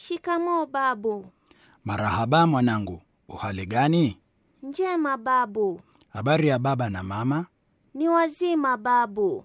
Shikamoo babu. Marahaba mwanangu, uhali gani? Njema babu. Habari ya baba na mama? Ni wazima babu.